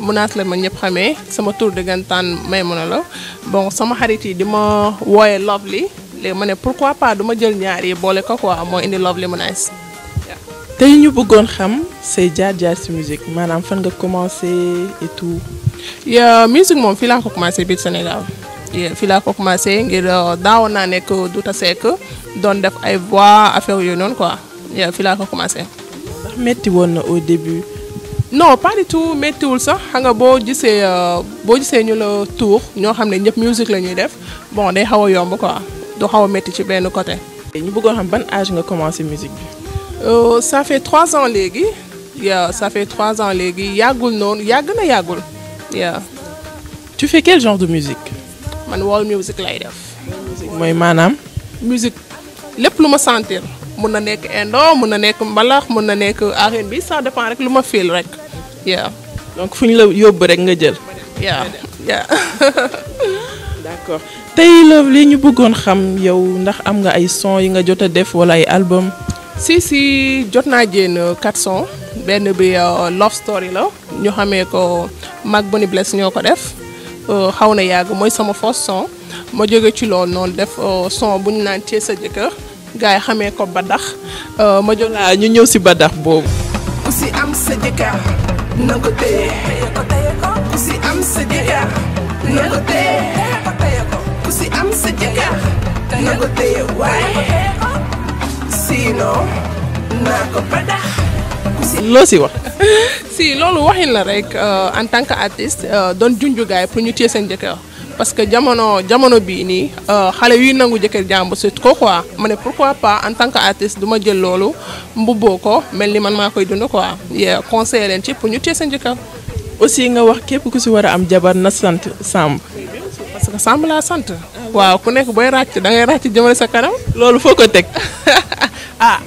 Mounass la ma ñëpp xamee sama tur dëggantaan Maimouna la bon sama xarit yi di ma wooyee Lovely léegi ma ne pourquoi pas du ma jël ñaar yi boole ko quoi moo indi Lovely Mounass. tey ñu bëggoon xam say jaar-jaar ci musique maanaam fan nga commencé et tout. musique moom fii laa ko commencé biir Sénégal. fii laa ko commencé ngir euh, daawoon naa nekk Douta Seck doon def ay voix affaire yooyu noonu quoi fii laa ko commencé. ndax metti woon na au début. non pas du tout méttiwul sax xam nga boo gisee euh, boo gisee ñu la tour. ñoo xam ne ñëpp musique la ñuy def bon day xaw a yomb quoi du xaw a métti ci benn côté. ñu bëggoon xam ban âge nga commencé musique bi. Euh, ça fait trois ans léegi. Ya, ça fait trois ans léegi yàggul noonu yàgg na yàggul waaw. tu fais quel genre de musique. man world music lay def. mooy maanaam. musique lépp lu ma sentir mun na nekk indo mun na nekk mbalax mun na nekk R&B bi ça dépend rek lu ma feel rek yeah. donc fu ñu la yóbbu rek nga jël. Yeah. waaw. d'accord tey la li ñu bëggoon xam yow ndax am nga ay sons yi nga jot a def wala ay album. si si jot naa jéem quatre son benn bi euh, love story la ñu xamee ko Mac Boni Bless ñoo ko def euh, xaw na yàgg mooy sama first son ma jóge ci loolu noonu def euh, son bu ñu naan téye sa jëkkër. gaay xamé ko badax euh ma jox la ñu ñew ci badax bob ku ci am sa jëkkër nako té ku ci am sa jëkkër nako té ku ci am sa jëkkër nako té way sino nako badax lo si wax si lolu waxin la rek euh en tant qu'artiste euh don junju gaay pour ñu tié sen jëkkër parce que jamono jamono bii nii euh, xale yuy nangu jëkkër jàmbur c'est trop quoi ma ne pourquoi pas en tant que artiste du ma jël loolu mbubboo ko mel ni man maa koy dund quoi conseiller leen ci pour ñu téye seen njëkka aussi nga wax képp ku si war a am jabar na sant Samb. parce que Samb laa sant. waaw ku nekk booy ràcc da ngay ràcc jëmale sa kanam. loolu foo ko teg ah.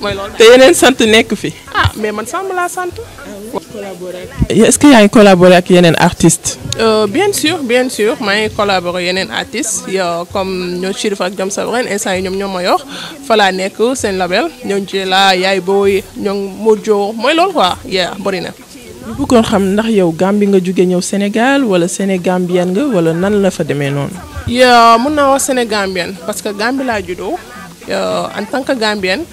mooy loolu te yeneen sant nekk fi. Ah, mais man Samb laa sant. Ah collaborer ak est-ce que yaa ngi collaborer ak un artiste euh, bien sûr bien sûr maa ngi collaborer un artiste a comme ñoo Chirif ak Jam Sabren instant yi ñoom ñoo ma yor fa laa nekk seen label ñoom ci la yaay booy ñoom mojo Moi, loolu quoi yeah bëri na ñu bëggoon xam ndax yow gambi nga jóge ñëw sénégal wala sénégambien ou le nan la fa demee noonu ya mun naa wax sénégambien parce que gambi laa juddoo en tant que gambienne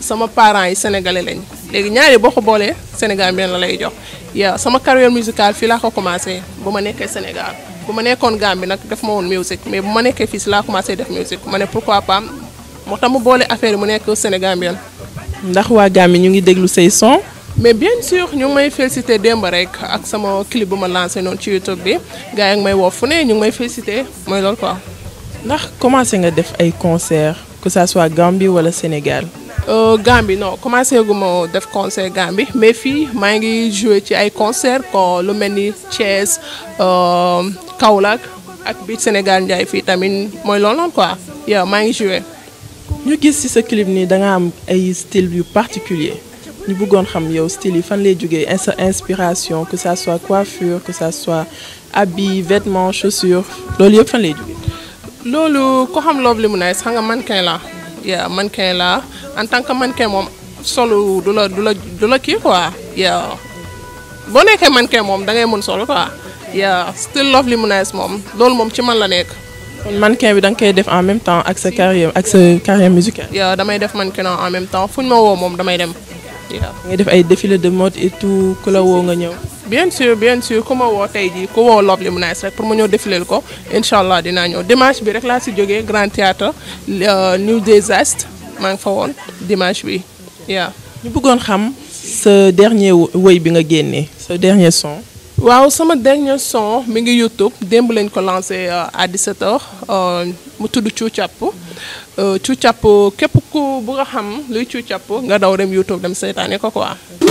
sama parents yi sénégalais léegi ñaari boo bolé Sénégal bien la lay jox ya sama carrière musicale fi la ko commencé buma ma Sénégal buma ma nekkoon nak nag def ma woon musique mais buma ma fi fii commencé def musique mané pourquoi pas motam tax mu boole affaire yi mu nekk Sénégal bien ndax wa Gambie ñu ngi déglu say son. mais bien sûr ñu may félicité demb rek ak sama clip bu ma lancé non ci YouTube bi gaay yi ngi may wo fune ñu ngi may félicité moy loolu quoi. ndax commencé nga def ay concert que ça soit Gambie wala Sénégal. Euh, Gambie non commencé gu ma def concert Gambie mais fii maa ngi joué ci ay concert ko lu mel ni Thiès euh, Kaolack ak biir Sénégal Ndiaye fii tamit mooy loolu noonu quoi yow maa ngi joué. ñu gis ci sa clip nii da nga am ay style yu particulier ñu bëggoon xam yow style yi fan lay jógee inspiration que ça soit coiffure que ça soit habits vêtements chaussures loolu yëpp fan lay jógee. loolu ko xam Love Limonaise xam nga mannequin la yeah mannequin la en tant que mannequin moom solo du la du la du la kii quoi yeah boo nekkee mannequin moom da ngay mën solo quoi yeah still lovely mu nice moom loolu moom ci man la nekk. kon mannequin bi da koy def en même temps ak sa carrière ak sa carrière musicale. yeah damay def mannequin en même temps fu ñu ma woo moom damay dem. yeah ngay def ay défilé de mode et tout ku la woo nga ñëw. bien sûr bien sûr ku ma woo tey ji ku woo Lovely Nice rek pour ma ñëw défileel ko incha allah dinaa ñëw dimanche bi rek laa si jógee Grand Théâtre euh, New Désastre maa ngi fa woon dimanche bi waaw. ñu bëggoon xam sa dernier woy bi nga génne sa dernier son. waaw sama dernier son mi ngi YouTube démb lañ ko lancé euh, à 17h euh, mu tudd Cuucàpp Cuucàpp képp ku bu nga xam luy Cuucàpp nga daw dem YouTube dem seetaane ko ko quoi.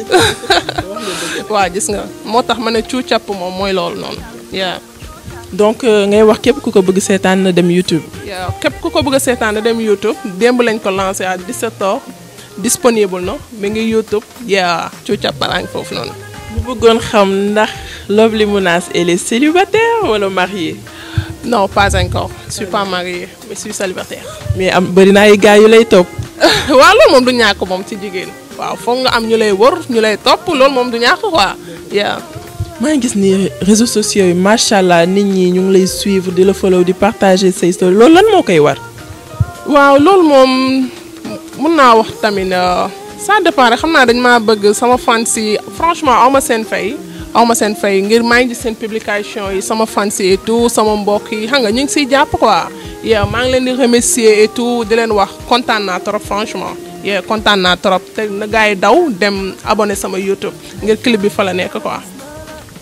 waaw gis nga moo tax ma ne cu càpp moom mooy loolu noonu yaa donc euh, ngay wax képp ku ko bëgg seetaan na dem YouTube. ku ko bëgg a seetaan na dem YouTube démb lañ ko lancé ak 17h disponible na mi ngi YouTube yaa cu càppalaa ngi foofu noonu. bu bëggoon xam ndax Lovely Mounass elle est célibataire wala mariée. non pas encore je suis pas mais je suis célibataire. mais am bëri na gars yu lay topp. waaw loolu moom du ñàkk moom ci jigéen. waaw foog nga am ñu lay wër ñu lay topp loolu moom du ñàkk quoi yaa maa ngi gis ni réseaux sociaux yi macha allah nit ñi ñu ngi lay suivre di la follow di partager say story loolu lan moo koy war. waaw loolu moom mun naa wax tamit euh, ça dépend rek xam naa dañ maa bëgg sama fans yi franchement aw ma seen fay. aw ma seen fay ngir maa ngi gis seen publication yi sama fans yi et tout sama mbokk yi xam nga ñu ngi siy jàpp quoi. yaa maa ngi leen di remercier et tout di leen wax content naa trop franchement. kontaan naa trop te na gars yi daw dem abonné sama YouTube ngir clip bi fa la nekk quoi.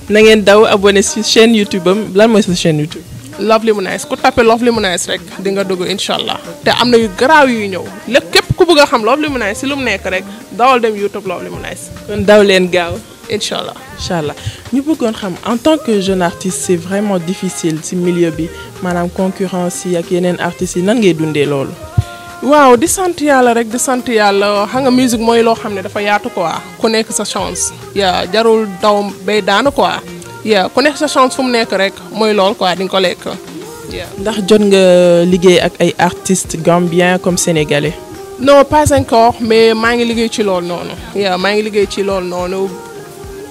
na ngeen daw abonné si chaîne YouTube am lan mooy sa chaîne YouTube. Lovely Mounice ku tapé Lovely Mounice rek di nga dugg incha allah te am na yu garaaw yuy ñëw lépp képp ku bëgg a xam Lovely Mounice si lu mu nekk rek dawal dem YouTube Lovely Mounice. kon daw leen gaaw. incha allah incha allah ñu bëggoon xam en tant que jeune artiste c'est vraiment difficile ci milieu bi maanaam concurrence yi ak yeneen artistes yi nan ngay dundee loolu. waaw di sant yàlla rek di sant yàlla xam nga musique mooy loo xam ne dafa yaatu quoi ku nekk sa chance. yaa jarul daw bay daanu quoi. yaa ku nekk sa chance fu mu nekk rek mooy lool quoi di nga ko lekk. ndax jot nga liggéey ak ay artistes gambiens comme sénégalais. no pas encore mais maa ngi liggéey ci loolu noonu. yaa maa ngi liggéey ci loolu noonu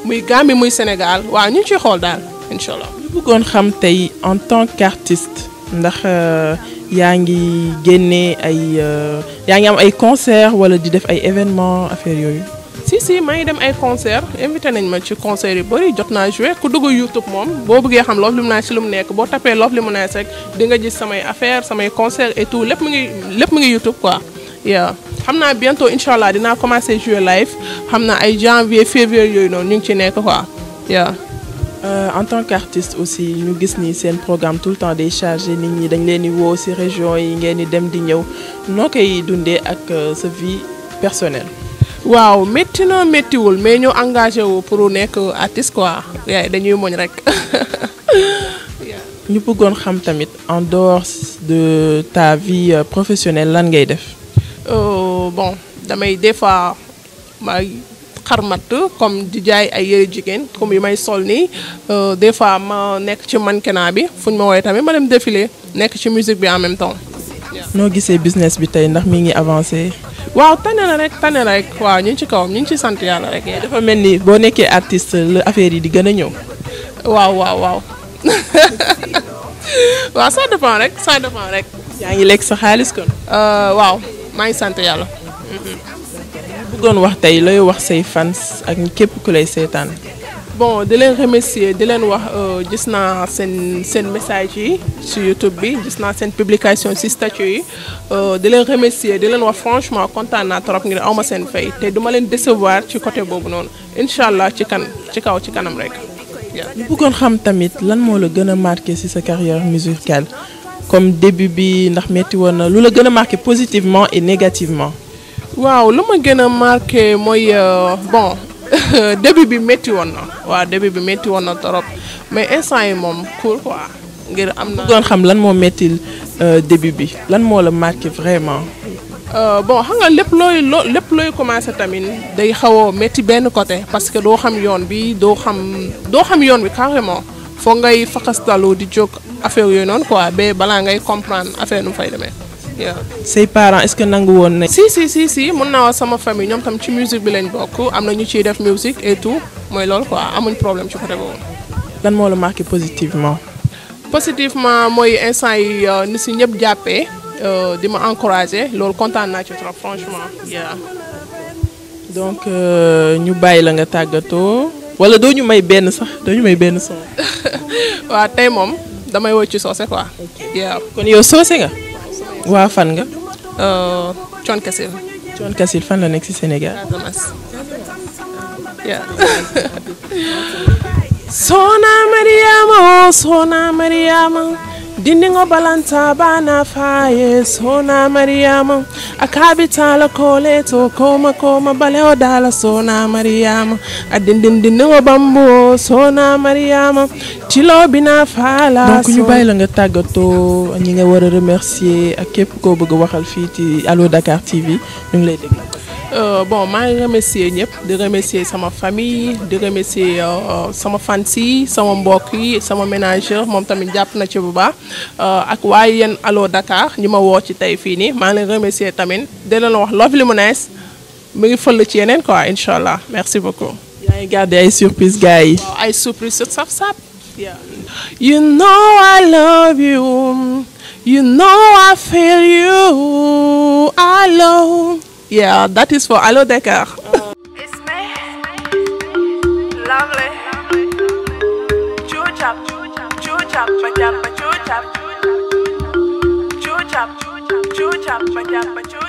muy Gambie muy Sénégal waaw ñu ngi ci xool daal incha allah. ñu bëggoon xam tey en tant qu'artiste ndax. Euh, yaa a ay euh, am ay concert wala di def ay événement affaire si si moi ngi dem concert invité nañ ma concert vous bëri jot vous YouTube mom, boo vous xam Love Limonade si lu tapez Love Limonade di nga mes affaires, affaire samay concert et tout mu ngi YouTube quoi bientôt inshallah dina commencer jouer live ay janvier février ñu quoi euh, en tant qu'artiste aussi nous gis ni programme tout le temps déchargé. nit ñi dañ leen ci région yi ngeen dem euh, vie personnelle. waaw mais engagé pour artiste quoi yaay dañuy moñ rek. ñu en dehors de ta vie euh, professionnelle lan ngay def. bon damay des fois xarmat comme di jaay ay yëre jigéen comme yi may sol nii euh, des fois ma nekk ci man kena bi fuñ ma woowee tamit ma dem défilé nekk ci musique bi en même temps. noo gisee business bi tey ndax mi ngi avancé. waaw tane na rek tane la rek waaw ñu ci kawam ñu ngi ci sant yàlla rek. dafa mel ni boo nekkee artiste la affaire yi di gën a ñëw. waaw waaw waaw. waaw ça rek ça dépend rek. yaa ngi lekk sa xaalis kon. Euh, waaw maa ngi sant yàlla. Mm-hmm. bëggoon wax tey looy wax say fans ak képp ku lay seetaan. bon di leen remercier di leen wax euh, gis naa seen seen message yi si YouTube bi gis naa seen publication si statut yi euh, di leen remercier di leen wax franchement content naa trop ngir awma seen fay te duma leen décevoir ci côté boobu noonu incha allah ci kan ci kaw ci kanam rek. ñu bëggoon xam tamit lan moo la gën a marqué si sa carrière musicale comme début bi ndax metti woon na lu la gën a marqué positivement et négativement. waaw lu ma gën a marqué mooy euh, bon début bi métti woon na waaw début bi métti woon na trop mais instant yi moom cool quoi ngir am na. doon xam lan moo métti euh, début bi lan moo la marqué vraiment. Euh, bon xam nga lépp looy loo lépp looy commencé tamit day xaw a métti benn côté parce que doo xam yoon bi doo xam doo xam yoon bi carrément foo ngay faxastalu di jóg affaire yooyu noonu quoi ba balaa ngay comprendre affaire nu fay demee. say parents est-ce que nangu woon si si si si mun naa sama famille ñom tam ci musique bi lañ bokk amna ñu ci def musique et tout moy lool quoi amuñ problème ci côté boobu. lan mo la marqué positivement. positivement moy instant yi euh, ni si ñëpp jàppee euh, di ma encouragé loolu kontaan naa ci trop franchement. donc euh, ñu bay la nga tagato wala do ñu may ben sax doo ñu may ben son. waaw tey moom damay ci soose quoi. kon yo soose nga. waaw fan nga. Euh, John Kassil. John Kassil fan la nekk ci Sénégal. Casamance. Soxna Mariama woo oh, Mariama. dindiŋo balanta bana faye sona mariyama a kabitala kole to koma koma baleo dala sona mariyama a dindin dindiŋo bambuwo sona mariyama cilo bina fala donc ñu bàyyi la nga tàggatoo ñi nga war a remercier ak képp ko bëgg waxal fii ci Allo Dakar TV ñu ngi lay déglu Euh, bon je remercie remercier de remercier sama famille de remercier euh, sama fansi sa sama sa yi sama ménageur moom tamit jàpp na ci bu baax euh, ak waaye Allo Dakar ni ma woo ci fini, fii nii maa ngi leen remercier tamit wax love li mu ngi quoi inshallah. merci beaucoup. yaa ngi surprise gars yi. surprise saf Yeah. you know I love you you know I feel you I alone. Yeah, that is for Allo Decker. it's me. Lovely.